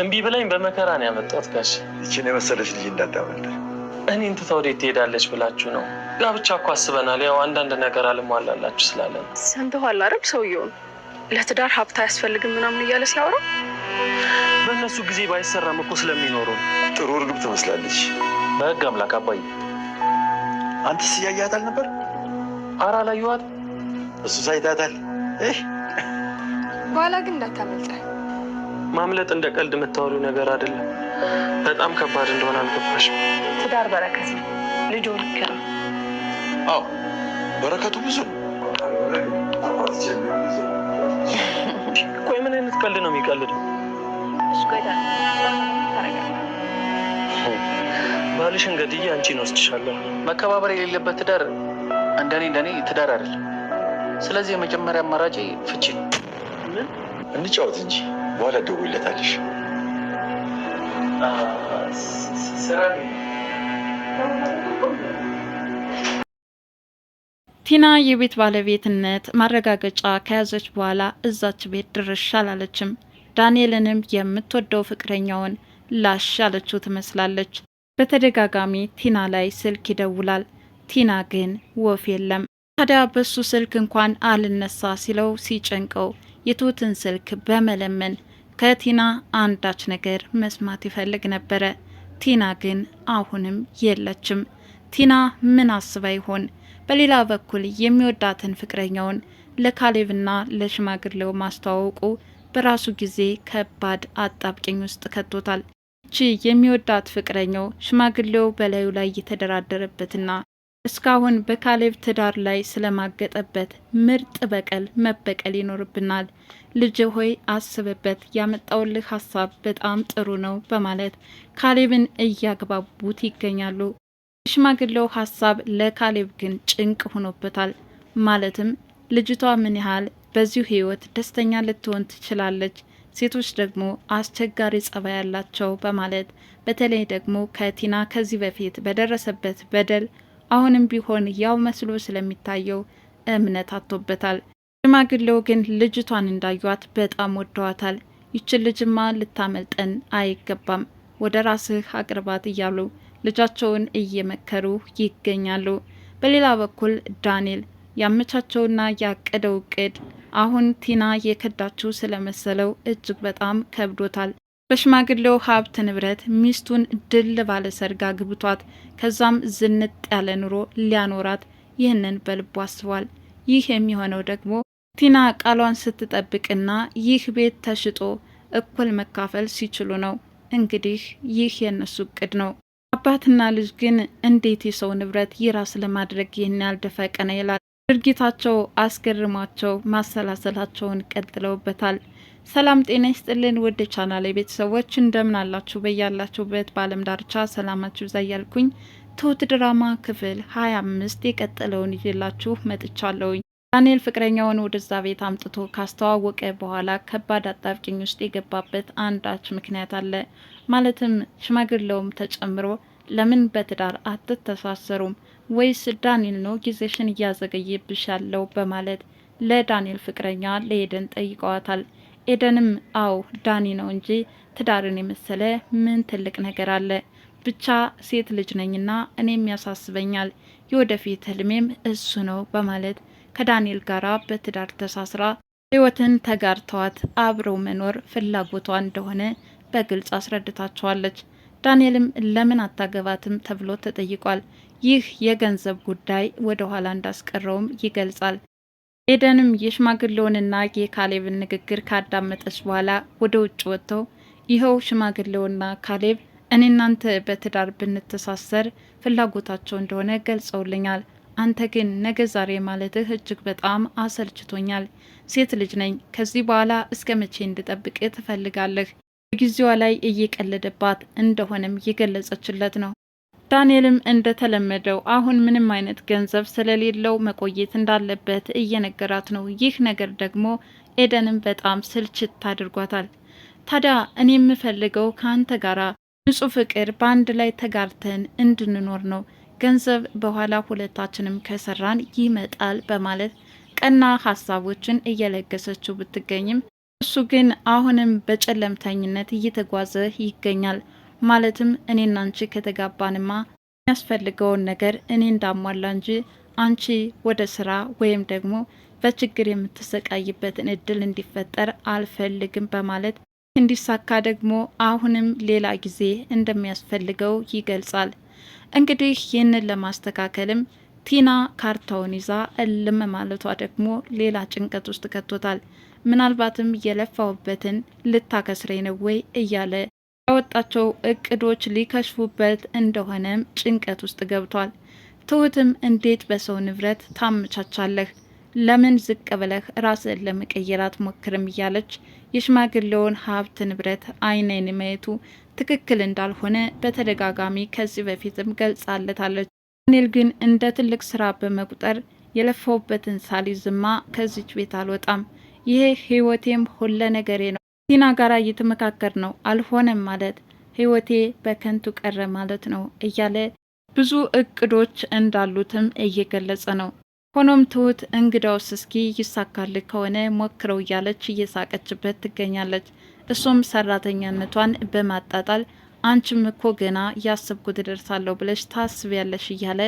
እምቢ ብላኝ በመከራ ነው ያመጣት። ጋሽ ይችን የመሰለች ልጅ እንዳታመልጥ። እኔን ትታ ወዴት ትሄዳለች ብላችሁ ነው? ጋብቻ እኮ አስበናል። ያው አንዳንድ ነገር አልሟላላችሁ ስላለ ነው። ሰምተዋል አረብ ሰውየውን ለትዳር ሀብት አያስፈልግም ምናምን እያለ ሲያወራ በእነሱ ጊዜ ባይሰራም እኮ ስለሚኖሩ ጥሩ እርግብ ትመስላለች። በህግ አምላክ አባዬ፣ አንተስ እያያታል ነበር? ላይ አላየኋትም። እሱ ሳይታታል። በኋላ ግን እንዳታመልጠ ማምለጥ እንደ ቀልድ የምታወሪው ነገር አይደለም። በጣም ከባድ እንደሆነ አልገባሽም። ትዳር በረከት ነው። ልጆ ልክ ነው። አዎ በረከቱ ብዙ ቆይ ምን አይነት ቀልድ ነው የሚቀልደው? ባልሽ እንግዲህ አንቺን ወስድሻለሁ። መከባበር የሌለበት ትዳር እንደኔ እንደኔ ትዳር አይደለም። ስለዚህ የመጀመሪያ አማራጭ ፍቺ። ምን እንጫወት እንጂ በኋላ ደውይለታለሽ። ቲና የቤት ባለቤትነት ማረጋገጫ ከያዘች በኋላ እዛች ቤት ድርሽ አላለችም። ዳንኤልንም የምትወደው ፍቅረኛውን ላሽ ያለችው ትመስላለች። በተደጋጋሚ ቲና ላይ ስልክ ይደውላል። ቲና ግን ወፍ የለም። ታዲያ በሱ ስልክ እንኳን አልነሳ ሲለው ሲጨንቀው የትሁትን ስልክ በመለመን ከቲና አንዳች ነገር መስማት ይፈልግ ነበረ። ቲና ግን አሁንም የለችም። ቲና ምን አስባ ይሆን? በሌላ በኩል የሚወዳትን ፍቅረኛውን ለካሌብና ለሽማግሌው ማስተዋወቁ በራሱ ጊዜ ከባድ አጣብቂኝ ውስጥ ከቶታል። ይቺ የሚወዳት ፍቅረኛው ሽማግሌው በላዩ ላይ የተደራደረበትና እስካሁን በካሌብ ትዳር ላይ ስለማገጠበት ምርጥ በቀል መበቀል ይኖርብናል። ልጅ ሆይ አስብበት፣ ያመጣውልህ ሀሳብ በጣም ጥሩ ነው በማለት ካሌብን እያግባቡት ይገኛሉ። የሽማግሌው ሀሳብ ለካሌብ ግን ጭንቅ ሆኖበታል። ማለትም ልጅቷ ምን ያህል በዚሁ ህይወት ደስተኛ ልትሆን ትችላለች? ሴቶች ደግሞ አስቸጋሪ ጸባይ ያላቸው በማለት በተለይ ደግሞ ከቲና ከዚህ በፊት በደረሰበት በደል አሁንም ቢሆን ያው መስሎ ስለሚታየው እምነት አጥቶበታል። ሽማግሌው ግን ልጅቷን እንዳዩት በጣም ወደዋታል። ይችን ልጅማ ልታመልጠን አይገባም፣ ወደ ራስህ አቅርባት እያሉ ልጃቸውን እየመከሩ ይገኛሉ። በሌላ በኩል ዳንኤል ያመቻቸውና ያቀደው እቅድ አሁን ቲና የከዳችው ስለመሰለው እጅግ በጣም ከብዶታል። በሽማግሌው ሀብት ንብረት ሚስቱን ድል ባለ ሰርግ አግብቷት ከዛም ዝንጥ ያለ ኑሮ ሊያኖራት ይህንን በልቡ አስቧል። ይህ የሚሆነው ደግሞ ቲና ቃሏን ስትጠብቅና ይህ ቤት ተሽጦ እኩል መካፈል ሲችሉ ነው። እንግዲህ ይህ የእነሱ እቅድ ነው። አባትና ልጅ ግን እንዴት የሰው ንብረት የራስ ለማድረግ ይህን ያልደፈቀነ ይላል። ድርጊታቸው አስገርማቸው ማሰላሰላቸውን ቀጥለውበታል። ሰላም ጤና ይስጥልን ውድ የቻናሌ ቤተሰቦች እንደምን አላችሁ? በያላችሁበት በአለም ዳርቻ ሰላማችሁ ይብዛ እያልኩኝ ትሁት ድራማ ክፍል ሀያ አምስት የቀጠለውን ይዤላችሁ መጥቻለሁኝ። ዳንኤል ፍቅረኛውን ወደዛ ቤት አምጥቶ ካስተዋወቀ በኋላ ከባድ አጣብቂኝ ውስጥ የገባበት አንዳች ምክንያት አለ። ማለትም ሽማግሌውም ተጨምሮ ለምን በትዳር አትተሳሰሩም ወይስ ዳንኤል ነው ጊዜሽን ያለው በማለት ለዳንኤል ፍቅረኛ ለኤደን ጠይቀዋታል። ኤደንም አው ዳኒ ነው እንጂ ትዳርን የመሰለ ምን ትልቅ ነገር አለ ብቻ ሴት ልጅ ነኝና እኔም ያሳስበኛል የወደፊት ህልሜም እሱ ነው በማለት ከዳንኤል ጋራ በትዳር ተሳስራ ህይወትን ተጋርተዋት አብረው መኖር ፍላጎቷ እንደሆነ በግልጽ አስረድታቸዋለች። ዳንኤልም ለምን አታገባትም ተብሎ ተጠይቋል። ይህ የገንዘብ ጉዳይ ወደ ኋላ እንዳስቀረውም ይገልጻል። ኤደንም የሽማግሌውንና የካሌብን ንግግር ካዳመጠች በኋላ ወደ ውጭ ወጥተው ይኸው ሽማግሌውና ካሌብ እኔ እናንተ በትዳር ብንተሳሰር ፍላጎታቸው እንደሆነ ገልጸውልኛል። አንተ ግን ነገ ዛሬ ማለትህ እጅግ በጣም አሰልችቶኛል። ሴት ልጅ ነኝ። ከዚህ በኋላ እስከ መቼ እንድጠብቅ ትፈልጋለህ? በጊዜዋ ላይ እየቀለደባት እንደሆነም የገለጸችለት ነው። ዳንኤልም እንደተለመደው አሁን ምንም አይነት ገንዘብ ስለሌለው መቆየት እንዳለበት እየነገራት ነው። ይህ ነገር ደግሞ ኤደንም በጣም ስልችት አድርጓታል። ታዲያ እኔ የምፈልገው ከአንተ ጋር ንጹህ ፍቅር በአንድ ላይ ተጋርተን እንድንኖር ነው። ገንዘብ በኋላ ሁለታችንም ከሰራን ይመጣል በማለት ቀና ሀሳቦችን እየለገሰችው ብትገኝም እሱ ግን አሁንም በጨለምተኝነት እየተጓዘ ይገኛል። ማለትም እኔና አንቺ ከተጋባንማ የሚያስፈልገውን ነገር እኔ እንዳሟላ እንጂ አንቺ ወደ ስራ ወይም ደግሞ በችግር የምትሰቃይበትን እድል እንዲፈጠር አልፈልግም በማለት እንዲሳካ ደግሞ አሁንም ሌላ ጊዜ እንደሚያስፈልገው ይገልጻል። እንግዲህ ይህንን ለማስተካከልም ቲና ካርታውን ይዛ እልም ማለቷ ደግሞ ሌላ ጭንቀት ውስጥ ከቶታል። ምናልባትም የለፋውበትን ልታከስረኝ ነው ወይ እያለ ያወጣቸው እቅዶች ሊከሽፉበት እንደሆነም ጭንቀት ውስጥ ገብቷል። ትሁትም እንዴት በሰው ንብረት ታመቻቻለህ? ለምን ዝቅ ብለህ ራስን ለመቀየር አትሞክርም? እያለች የሽማግሌውን ሀብት ንብረት አይኔን ማየቱ ትክክል እንዳልሆነ በተደጋጋሚ ከዚህ በፊትም ገልጻለታለች። ዳንኤል ግን እንደ ትልቅ ስራ በመቁጠር የለፈውበትን ሳሊ ዝማ ከዚች ቤት አልወጣም፣ ይሄ ህይወቴም ሁለ ነገሬ ቲና ጋር እየተመካከር ነው። አልሆነም ማለት ህይወቴ በከንቱ ቀረ ማለት ነው እያለ ብዙ እቅዶች እንዳሉትም እየገለጸ ነው። ሆኖም ትሁት እንግዳውስ እስኪ ይሳካል ከሆነ ሞክረው እያለች እየሳቀችበት ትገኛለች። እሱም ሰራተኛነቷን በማጣጣል አንቺም እኮ ገና ያሰብኩት እደርሳለሁ ብለሽ ታስቢያለሽ እያለ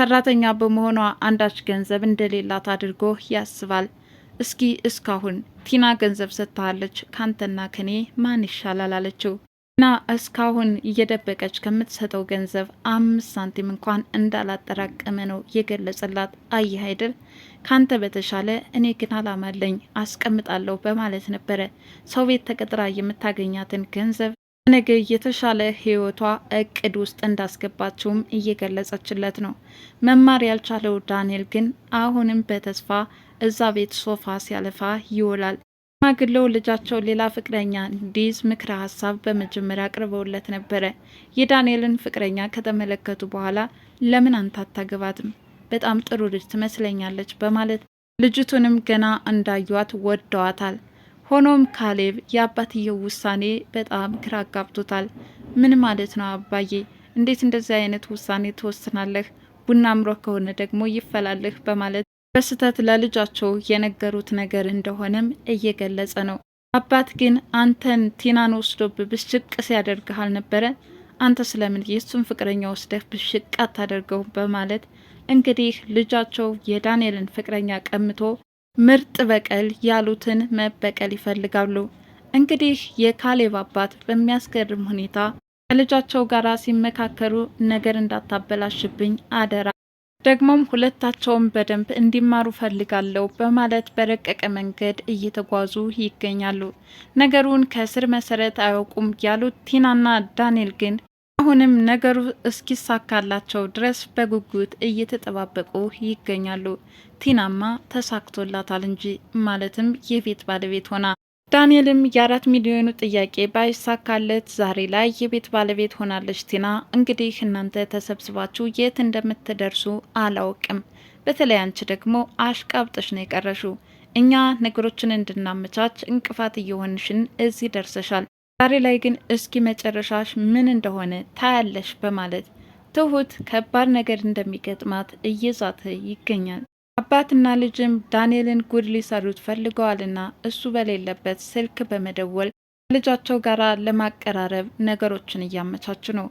ሰራተኛ በመሆኗ አንዳች ገንዘብ እንደሌላት አድርጎ ያስባል። እስኪ እስካሁን ቲና ገንዘብ ሰጥታለች ካንተና ከኔ ማን ይሻላል አለችው። ቲና እስካሁን እየደበቀች ከምትሰጠው ገንዘብ አምስት ሳንቲም እንኳን እንዳላጠራቀመ ነው የገለጸላት። አየህ አይደል ካንተ በተሻለ እኔ ግን አላማለኝ አስቀምጣለሁ በማለት ነበረ ሰው ቤት ተቀጥራ የምታገኛትን ገንዘብ ነገ የተሻለ ህይወቷ እቅድ ውስጥ እንዳስገባችውም እየገለጸችለት ነው። መማር ያልቻለው ዳንኤል ግን አሁንም በተስፋ እዛ ቤት ሶፋ ሲያለፋ ይውላል። ማግለው ልጃቸው ሌላ ፍቅረኛ እንዲይዝ ምክረ ሀሳብ በመጀመሪያ አቅርበውለት ነበረ። የዳንኤልን ፍቅረኛ ከተመለከቱ በኋላ ለምን አንተ አታገባትም? በጣም ጥሩ ልጅ ትመስለኛለች በማለት ልጅቱንም ገና እንዳዩዋት ወደዋታል። ሆኖም ካሌብ የአባትየው ውሳኔ በጣም ግራ አጋብቶታል። ምን ማለት ነው አባዬ? እንዴት እንደዚህ አይነት ውሳኔ ትወስናለህ? ቡና አምሮ ከሆነ ደግሞ ይፈላልህ በማለት በስህተት ለልጃቸው የነገሩት ነገር እንደሆነም እየገለጸ ነው። አባት ግን አንተን ቲናን ወስዶብ ብሽቅ ሲያደርግህ አልነበረ? አንተ ስለምን የእሱን ፍቅረኛ ወስደህ ብሽቅ አታደርገው? በማለት እንግዲህ ልጃቸው የዳንኤልን ፍቅረኛ ቀምቶ ምርጥ በቀል ያሉትን መበቀል ይፈልጋሉ። እንግዲህ የካሌብ አባት በሚያስገርም ሁኔታ ከልጃቸው ጋር ሲመካከሩ ነገር እንዳታበላሽብኝ አደራ፣ ደግሞም ሁለታቸውን በደንብ እንዲማሩ ፈልጋለሁ በማለት በረቀቀ መንገድ እየተጓዙ ይገኛሉ። ነገሩን ከስር መሰረት አያውቁም ያሉት ቲናና ዳንኤል ግን አሁንም ነገሩ እስኪሳካላቸው ድረስ በጉጉት እየተጠባበቁ ይገኛሉ። ቲናማ ተሳክቶላታል እንጂ ማለትም የቤት ባለቤት ሆና ዳንኤልም የአራት ሚሊዮኑ ጥያቄ ባይሳካለት ዛሬ ላይ የቤት ባለቤት ሆናለች ቲና። እንግዲህ እናንተ ተሰብስባችሁ የት እንደምትደርሱ አላውቅም። በተለይ አንቺ ደግሞ አሽቃብጠሽ ነው የቀረሹ። እኛ ነገሮችን እንድናመቻች እንቅፋት እየሆንሽን እዚህ ደርሰሻል። ዛሬ ላይ ግን እስኪ መጨረሻሽ ምን እንደሆነ ታያለሽ በማለት ትሁት ከባድ ነገር እንደሚገጥማት እየዛተ ይገኛል። አባትና ልጅም ዳንኤልን ጉድ ሊሰሩት ፈልገዋልና እሱ በሌለበት ስልክ በመደወል ከልጃቸው ጋር ለማቀራረብ ነገሮችን እያመቻች ነው።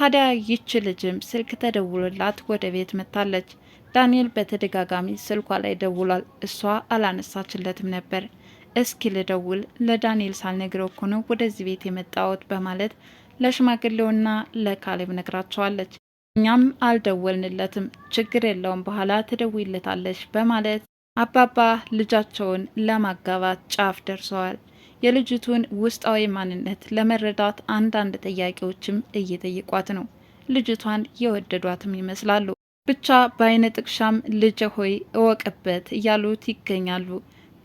ታዲያ ይች ልጅም ስልክ ተደውሎላት ወደ ቤት መጥታለች። ዳንኤል በተደጋጋሚ ስልኳ ላይ ደውሏል፣ እሷ አላነሳችለትም ነበር። እስኪ ልደውል ለዳንኤል ሳልነግረው እኮ ነው ወደዚህ ቤት የመጣሁት በማለት ለሽማግሌውና ለካሌብ ነግራቸዋለች። እኛም አልደወልንለትም፣ ችግር የለውም በኋላ ትደውይለታለች በማለት አባባ ልጃቸውን ለማጋባት ጫፍ ደርሰዋል። የልጅቱን ውስጣዊ ማንነት ለመረዳት አንዳንድ ጥያቄዎችም እየጠየቋት ነው። ልጅቷን የወደዷትም ይመስላሉ። ብቻ በአይነ ጥቅሻም ልጀ ሆይ እወቅበት እያሉት ይገኛሉ።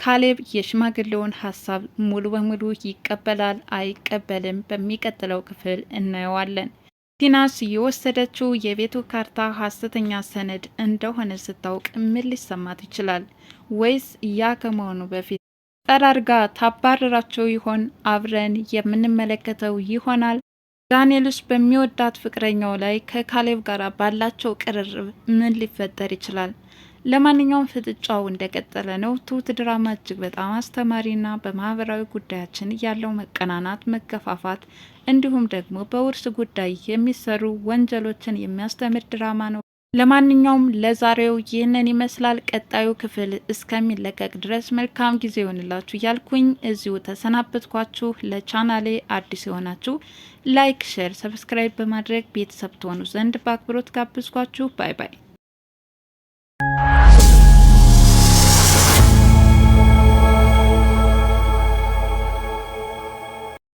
ካሌብ የሽማግሌውን ሀሳብ ሙሉ በሙሉ ይቀበላል አይቀበልም፣ በሚቀጥለው ክፍል እናየዋለን። ቲናስ የወሰደችው የቤቱ ካርታ ሀሰተኛ ሰነድ እንደሆነ ስታውቅ ምን ሊሰማት ይችላል? ወይስ ያ ከመሆኑ በፊት ጠራርጋ ታባረራቸው ይሆን? አብረን የምንመለከተው ይሆናል። ዳንኤልስ በሚወዳት ፍቅረኛው ላይ ከካሌብ ጋር ባላቸው ቅርርብ ምን ሊፈጠር ይችላል? ለማንኛውም ፍጥጫው እንደቀጠለ ነው። ትሁት ድራማ እጅግ በጣም አስተማሪና በማህበራዊ ጉዳያችን ያለው መቀናናት፣ መገፋፋት እንዲሁም ደግሞ በውርስ ጉዳይ የሚሰሩ ወንጀሎችን የሚያስተምር ድራማ ነው። ለማንኛውም ለዛሬው ይህንን ይመስላል። ቀጣዩ ክፍል እስከሚለቀቅ ድረስ መልካም ጊዜ ይሆንላችሁ እያልኩኝ እዚሁ ተሰናበትኳችሁ። ለቻናሌ አዲስ የሆናችሁ ላይክ፣ ሼር፣ ሰብስክራይብ በማድረግ ቤተሰብ ትሆኑ ዘንድ በአክብሮት ጋብዝኳችሁ። ባይ ባይ።